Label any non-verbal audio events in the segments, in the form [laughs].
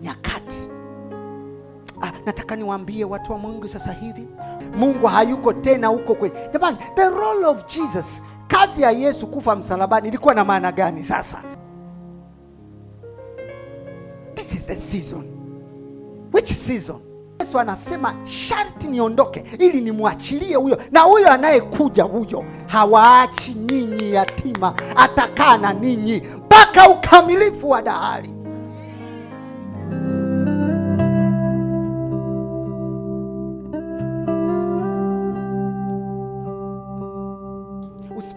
nyakati. Ah, nataka niwaambie watu wa Mungu sasa hivi, Mungu hayuko tena huko kwe. Jamani, the role of Jesus, kazi ya Yesu kufa msalabani ilikuwa na maana gani? Sasa this is the season. Which season? Yesu anasema sharti niondoke ili nimwachilie huyo, na huyo anayekuja huyo hawaachi nyinyi yatima, atakaa na ninyi mpaka ukamilifu wa dahari.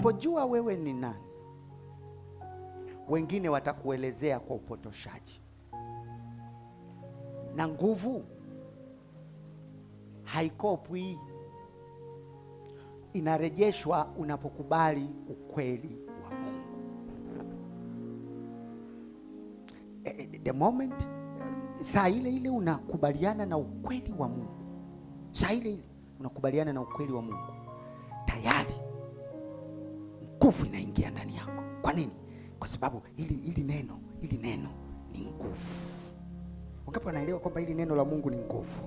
wasipojua wewe ni nani, wengine watakuelezea kwa upotoshaji, na nguvu haikopwi, inarejeshwa unapokubali ukweli wa Mungu. Eh, eh, the moment saa ile ile unakubaliana na ukweli wa Mungu, saa ile ile unakubaliana na ukweli wa Mungu nguvu inaingia ndani yako. Kwa nini? Kwa sababu hili, hili neno hili neno ni nguvu. Wangapi anaelewa kwamba hili neno la Mungu ni nguvu?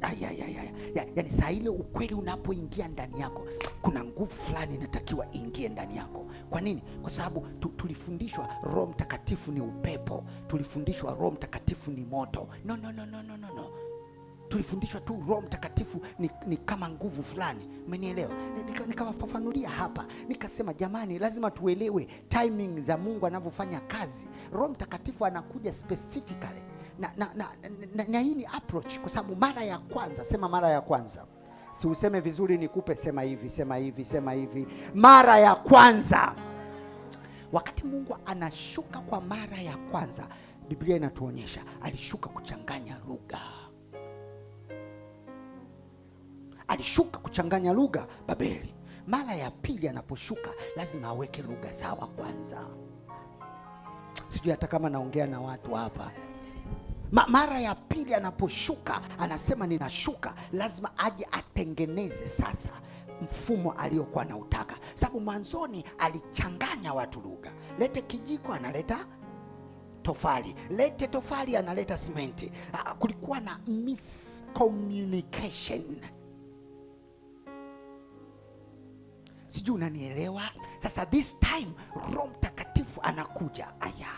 Ay, ay, ay, ay. Yaani saa ile ukweli unapoingia ndani yako, kuna nguvu fulani inatakiwa ingie ndani yako. Kwa nini? Kwa sababu tu, tulifundishwa Roho Mtakatifu ni upepo, tulifundishwa Roho Mtakatifu ni moto. No, no, no, no, no, no tulifundishwa tu Roho Mtakatifu ni, ni kama nguvu fulani, umenielewa? Nikawafafanulia nika hapa, nikasema jamani, lazima tuelewe timing za Mungu anavyofanya kazi. Roho Mtakatifu anakuja specifically na, na, na, na, na hii ni approach, kwa sababu mara ya kwanza, sema mara ya kwanza, si useme vizuri, nikupe, sema hivi, sema hivi, sema hivi, mara ya kwanza. Wakati Mungu anashuka kwa mara ya kwanza, Biblia inatuonyesha alishuka kuchanganya lugha alishuka kuchanganya lugha Babeli. Mara ya pili anaposhuka lazima aweke lugha sawa kwanza. Sijui hata kama naongea na watu hapa. Ma, mara ya pili anaposhuka anasema ninashuka, lazima aje atengeneze sasa mfumo aliyokuwa anautaka, sababu mwanzoni alichanganya watu lugha. Lete kijiko, analeta tofali, lete tofali, analeta simenti. Ah, kulikuwa na miscommunication sijui unanielewa. Sasa this time Roho Mtakatifu anakuja, aya,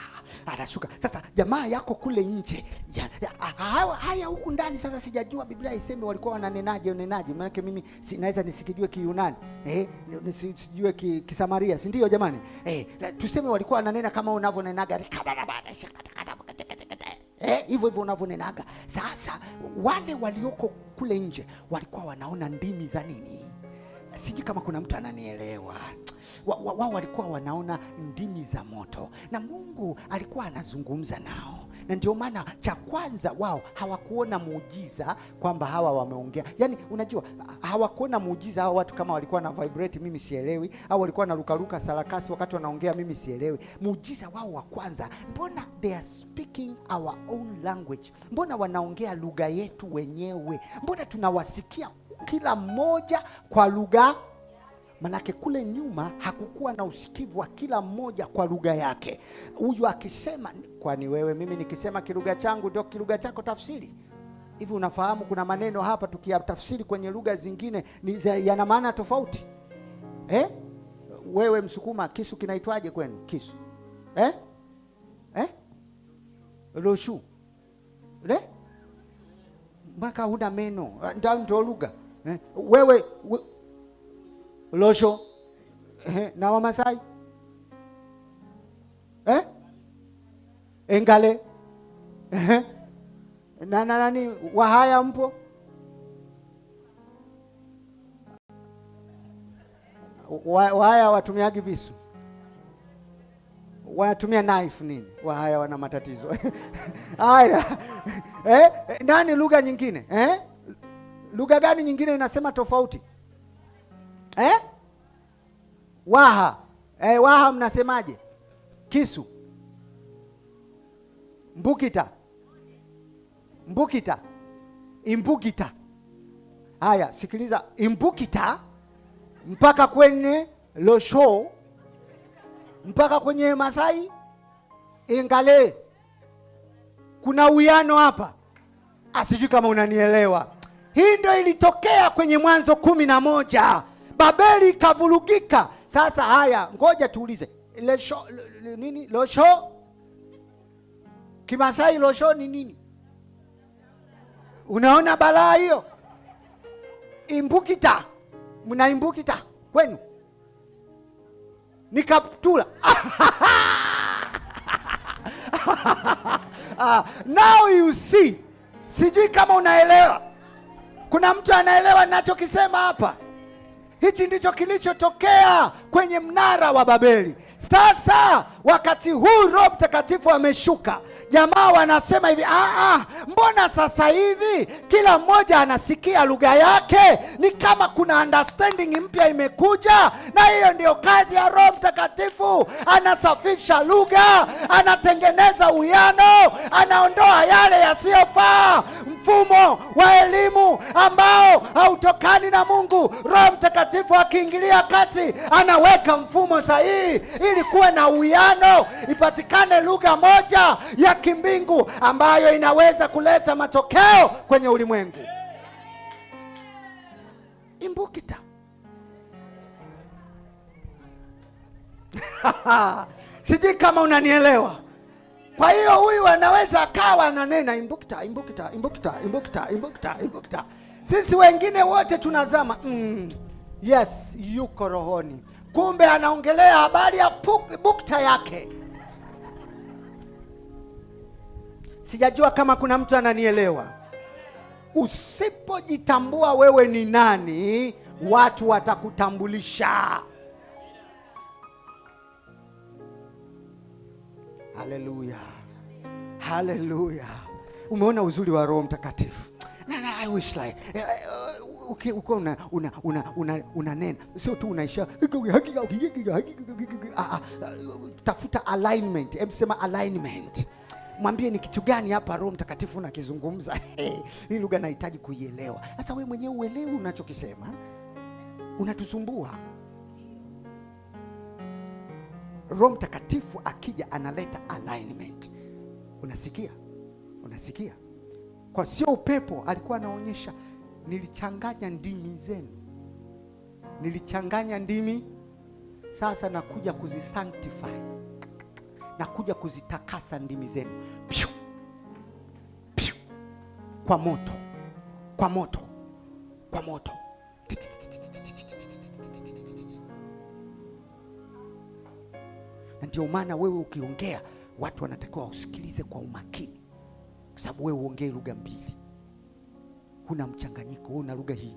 anashuka sasa. Jamaa yako kule nje ya, ya, haya huku ndani sasa, sijajua Biblia iseme walikuwa wananenaje nenaje, manake mimi sinaweza nisikijue Kiyunani eh, nisijue ki, Kisamaria, si ndio jamani? Eh, tuseme walikuwa wananena kama unavyonenaga Eh, hivyo hivyo unavyonenaga. Sasa wale walioko kule nje walikuwa wanaona ndimi za nini? sijui kama kuna mtu ananielewa. Wao wa, wa walikuwa wanaona ndimi za moto na Mungu alikuwa anazungumza nao, na ndio maana cha kwanza wao hawakuona muujiza kwamba hawa wameongea. yani unajua hawakuona muujiza hawa watu, kama walikuwa na vibrate mimi sielewi, au walikuwa na rukaruka sarakasi wakati wanaongea mimi sielewi. Muujiza wao wa kwanza, mbona they are speaking our own language? Mbona wanaongea lugha yetu wenyewe? Mbona tunawasikia kila mmoja kwa lugha Manake kule nyuma hakukuwa na usikivu wa kila mmoja kwa lugha yake. Huyu akisema, kwani wewe mimi nikisema kilugha changu ndio kilugha chako tafsiri? Hivi unafahamu kuna maneno hapa tukiyatafsiri kwenye lugha zingine yana maana tofauti eh? Wewe Msukuma, kisu kinaitwaje kwenu? Kisu eh? Eh? Loshu le eh? mpaka huna meno ndio lugha eh, wewe we, losho eh, na Wamasai eh, engale eh, na nani Wahaya mpo Wahaya watumiagi visu, wanatumia knife nini? Wahaya wana matatizo [laughs] haya eh? eh? Nani lugha nyingine eh? Lugha gani nyingine inasema tofauti eh? Waha eh, Waha mnasemaje? Kisu, mbukita, mbukita, imbukita. Haya, sikiliza, imbukita mpaka kwenye losho mpaka kwenye Masai ingale kuna uwiano hapa, asijui ah, kama unanielewa. Hii ndio ilitokea kwenye Mwanzo kumi na moja. Babeli ikavurugika. Sasa haya, ngoja tuulize lesho nini? Losho Kimasai, losho ni nini? Unaona balaa hiyo, imbukita, mnaimbukita kwenu ni kaptula [laughs] ah, now you see, sijui kama unaelewa. Kuna mtu anaelewa ninachokisema hapa? Hichi ndicho kilichotokea kwenye mnara wa Babeli. Sasa Wakati huu Roho Mtakatifu ameshuka, jamaa wanasema hivi ah, ah, mbona sasa hivi kila mmoja anasikia lugha yake? Ni kama kuna understanding mpya imekuja, na hiyo ndio kazi ya Roho Mtakatifu. Anasafisha lugha, anatengeneza uyano, anaondoa yale yasiyofaa, mfumo wa elimu ambao hautokani na Mungu. Roho Mtakatifu akiingilia kati, anaweka mfumo sahihi ili kuwe na uyano maelewano, ipatikane lugha moja ya kimbingu ambayo inaweza kuleta matokeo kwenye ulimwengu. Imbukita [laughs] sijui kama unanielewa. Kwa hiyo huyu anaweza akawa ananena imbukita, imbukita, imbukita, imbukita, imbukita, imbukita. Sisi wengine wote tunazama mm, yes, yuko rohoni kumbe anaongelea habari ya bukta yake. Sijajua kama kuna mtu ananielewa. Usipojitambua wewe ni nani, watu watakutambulisha. Haleluya, haleluya! Umeona uzuri wa Roho Mtakatifu. I wish like eh, eh, uko una una una unanena, sio tu unaisha tafuta alignment. Hebu sema alignment, mwambie ni kitu gani hapa Roho Mtakatifu unakizungumza? [laughs] Hii lugha nahitaji kuielewa. Sasa wewe mwenyewe uelewe unachokisema, unatusumbua. Roho Mtakatifu akija analeta alignment. Unasikia, unasikia? Kwa sio upepo, alikuwa anaonyesha nilichanganya ndimi zenu, nilichanganya ndimi. Sasa nakuja kuzisanctify, nakuja kuzitakasa ndimi zenu piu, piu, kwa moto, kwa moto, kwa moto. Na ndio maana wewe ukiongea watu wanatakiwa wausikilize kwa umakini, kwa sababu wewe uongee lugha mbili huna mchanganyiko, huna lugha hii,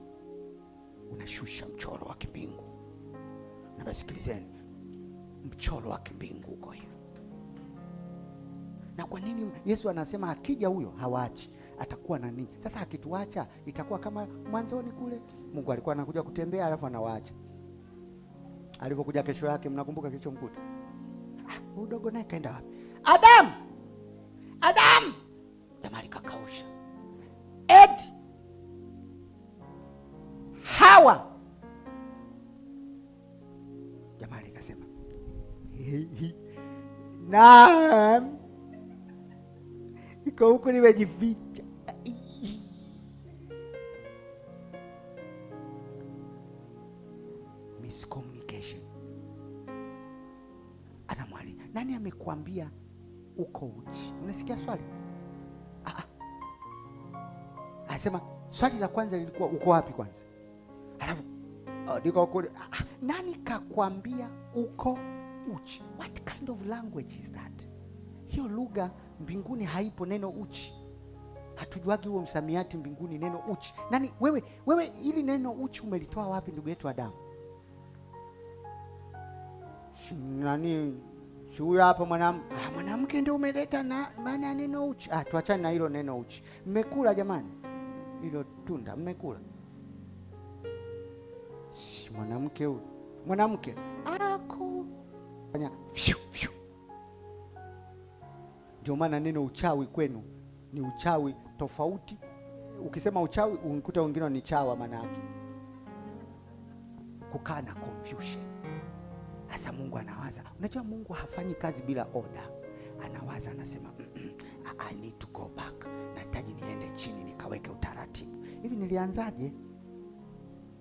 unashusha mchoro wa kimbingu. Na basikilizeni, mchoro wa kimbingu uko hivi. Na kwa nini Yesu anasema akija huyo hawaachi, atakuwa na nini? Sasa akituacha itakuwa kama mwanzoni kule, Mungu alikuwa anakuja kutembea, alafu anawaacha. Alivyokuja kesho yake, mnakumbuka kilichomkuta? Ah, udogo naye kaenda wapi? Adamu, Adamu, jamali kakausha Naam, iko huku nimejificha. Miscommunication. Anamwali, nani amekwambia uko uchi? Unasikia swali ah, ah. Anasema swali la kwanza lilikuwa uko wapi kwanza, alafu oh, niko huko. Ah, ah. Nani kakwambia uko uchi. What kind of language is that? Hiyo lugha mbinguni haipo, neno uchi hatujuagi huo msamiati mbinguni, neno uchi. Nani wewe, wewe hili neno uchi umelitoa wapi, ndugu yetu Adamu? Nani si huyo hapo mwanamke? Ah, mwanamke ndio umeleta na maana ya neno uchi. Ah, tuachane na hilo neno uchi. Mmekula jamani, hilo tunda mmekula? Si mwanamke huyo, mwanamke ako fanya fiu fiu. Ndio maana neno uchawi kwenu ni uchawi tofauti. Ukisema uchawi unikuta wengine ni chawa, maana yake kukaa na confusion. Hasa Mungu anawaza, unajua Mungu hafanyi kazi bila oda. Anawaza anasema, mm -mm, I need to go back, nahitaji niende chini nikaweke utaratibu. Hivi nilianzaje?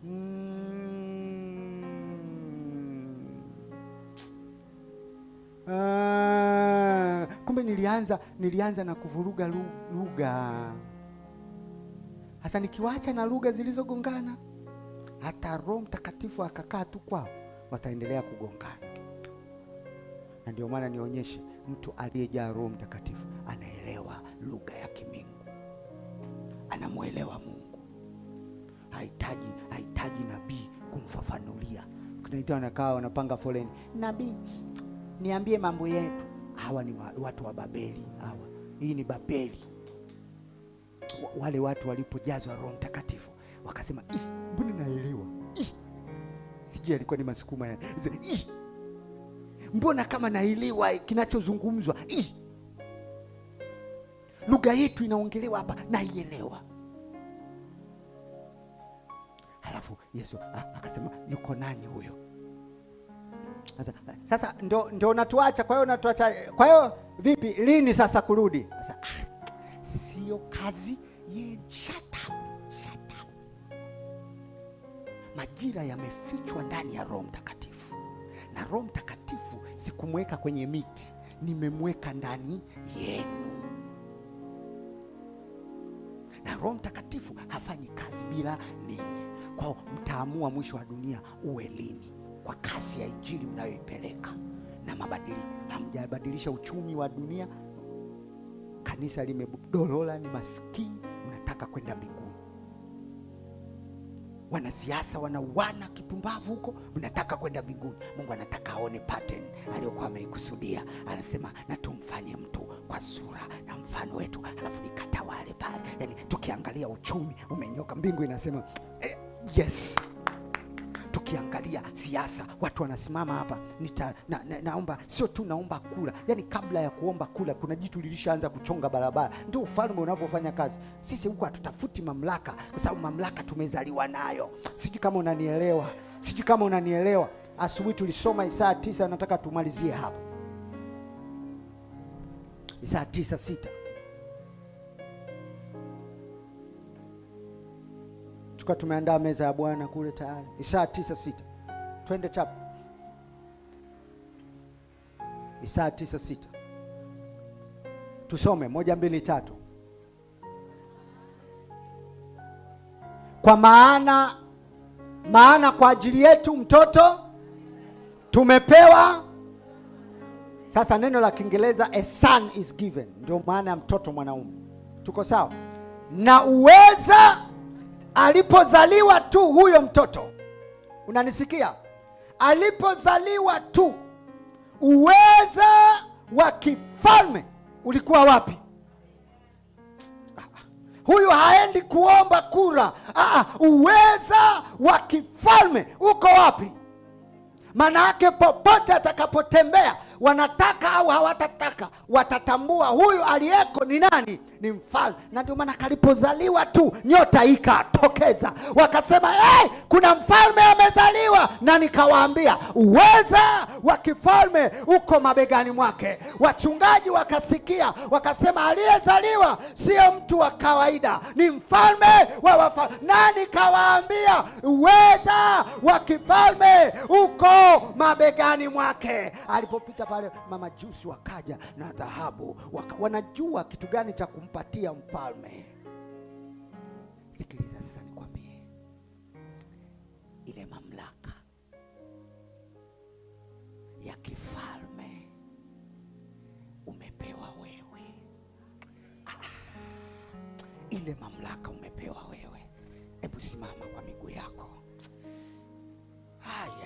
mm. Ah, kumbe nilianza nilianza na kuvuruga lugha hasa, nikiwacha na lugha zilizogongana, hata Roho Mtakatifu akakaa tu kwao, wataendelea kugongana. Na ndio maana nionyeshe, mtu aliyejaa Roho Mtakatifu anaelewa lugha ya kimingu, anamwelewa Mungu, hahitaji hahitaji nabii kumfafanulia. Kunaita wanakaa wanapanga foleni nabii niambie mambo yetu. Hawa ni watu wa Babeli, hawa hii ni Babeli. Wale watu walipojazwa Roho Mtakatifu wakasema, mbona naelewa, sijui alikuwa ni Masukuma ya mbona kama naelewa kinachozungumzwa, lugha yetu inaongelewa hapa, naielewa. Halafu Yesu akasema, yuko nani huyo? Sasa ndo, ndo natuacha. Kwa hiyo natuacha, kwa hiyo vipi, lini sasa kurudi? Sasa ah, sio kazi ye, shut up, shut up. Majira yamefichwa ndani ya Roho Mtakatifu, na Roho Mtakatifu sikumweka kwenye miti, nimemweka ndani yenu, na Roho Mtakatifu hafanyi kazi bila ninyi. Kwao mtaamua mwisho wa dunia uwe lini kwa kasi ya injili mnayoipeleka na mabadiliko. Hamjabadilisha uchumi wa dunia, kanisa limedolola, ni maskini, mnataka kwenda mbinguni. Wanasiasa wanauana kipumbavu huko, mnataka kwenda mbinguni. Mungu anataka aone pattern aliyokuwa ameikusudia. Anasema na tumfanye mtu kwa sura na mfano wetu, alafu nikatawale pale. Yani tukiangalia uchumi umenyoka, mbingu inasema eh, yes ukiangalia siasa watu wanasimama hapa nita, na, na, naomba sio tu naomba kula, yaani kabla ya kuomba kula kuna jitu lilishaanza kuchonga barabara. Ndio ufalme unavyofanya kazi. Sisi huko hatutafuti mamlaka, kwa sababu mamlaka tumezaliwa nayo. Sijui kama unanielewa, sijui kama unanielewa. Asubuhi tulisoma Isaya tisa, nataka tumalizie hapo Isaya tisa sita. Tukawa tumeandaa meza ya Bwana kule tayari, Isaya 96 tisa sita. Twende chapa, Isaya tisa sita. Tusome moja mbili tatu. Kwa maana maana kwa ajili yetu mtoto tumepewa. Sasa neno la Kiingereza a son is given, ndio maana ya mtoto mwanaume. Tuko sawa na uweza Alipozaliwa tu huyo mtoto, unanisikia? Alipozaliwa tu uweza wa kifalme ulikuwa wapi? Huyu haendi kuomba kura. Aa, uweza wa kifalme uko wapi? Maana yake popote atakapotembea wanataka au hawatataka, watatambua huyu aliyeko ni nani, ni mfalme. Na ndio maana kalipozaliwa tu nyota ikatokeza, wakasema hey, kuna mfalme amezaliwa. Na nikawaambia uweza wa kifalme uko mabegani mwake. Wachungaji wakasikia wakasema, aliyezaliwa sio mtu wa kawaida, ni mfalme wa wafalme. Na nikawaambia uweza wa kifalme uko mabegani mwake alipopita Walipofika pale mamajusi wakaja na dhahabu waka, wanajua kitu gani cha kumpatia mfalme. Sikiliza sasa, nikwambie ile mamlaka ya kifalme umepewa wewe. Ah, ile mamlaka umepewa wewe. Hebu simama kwa miguu yako. Haya.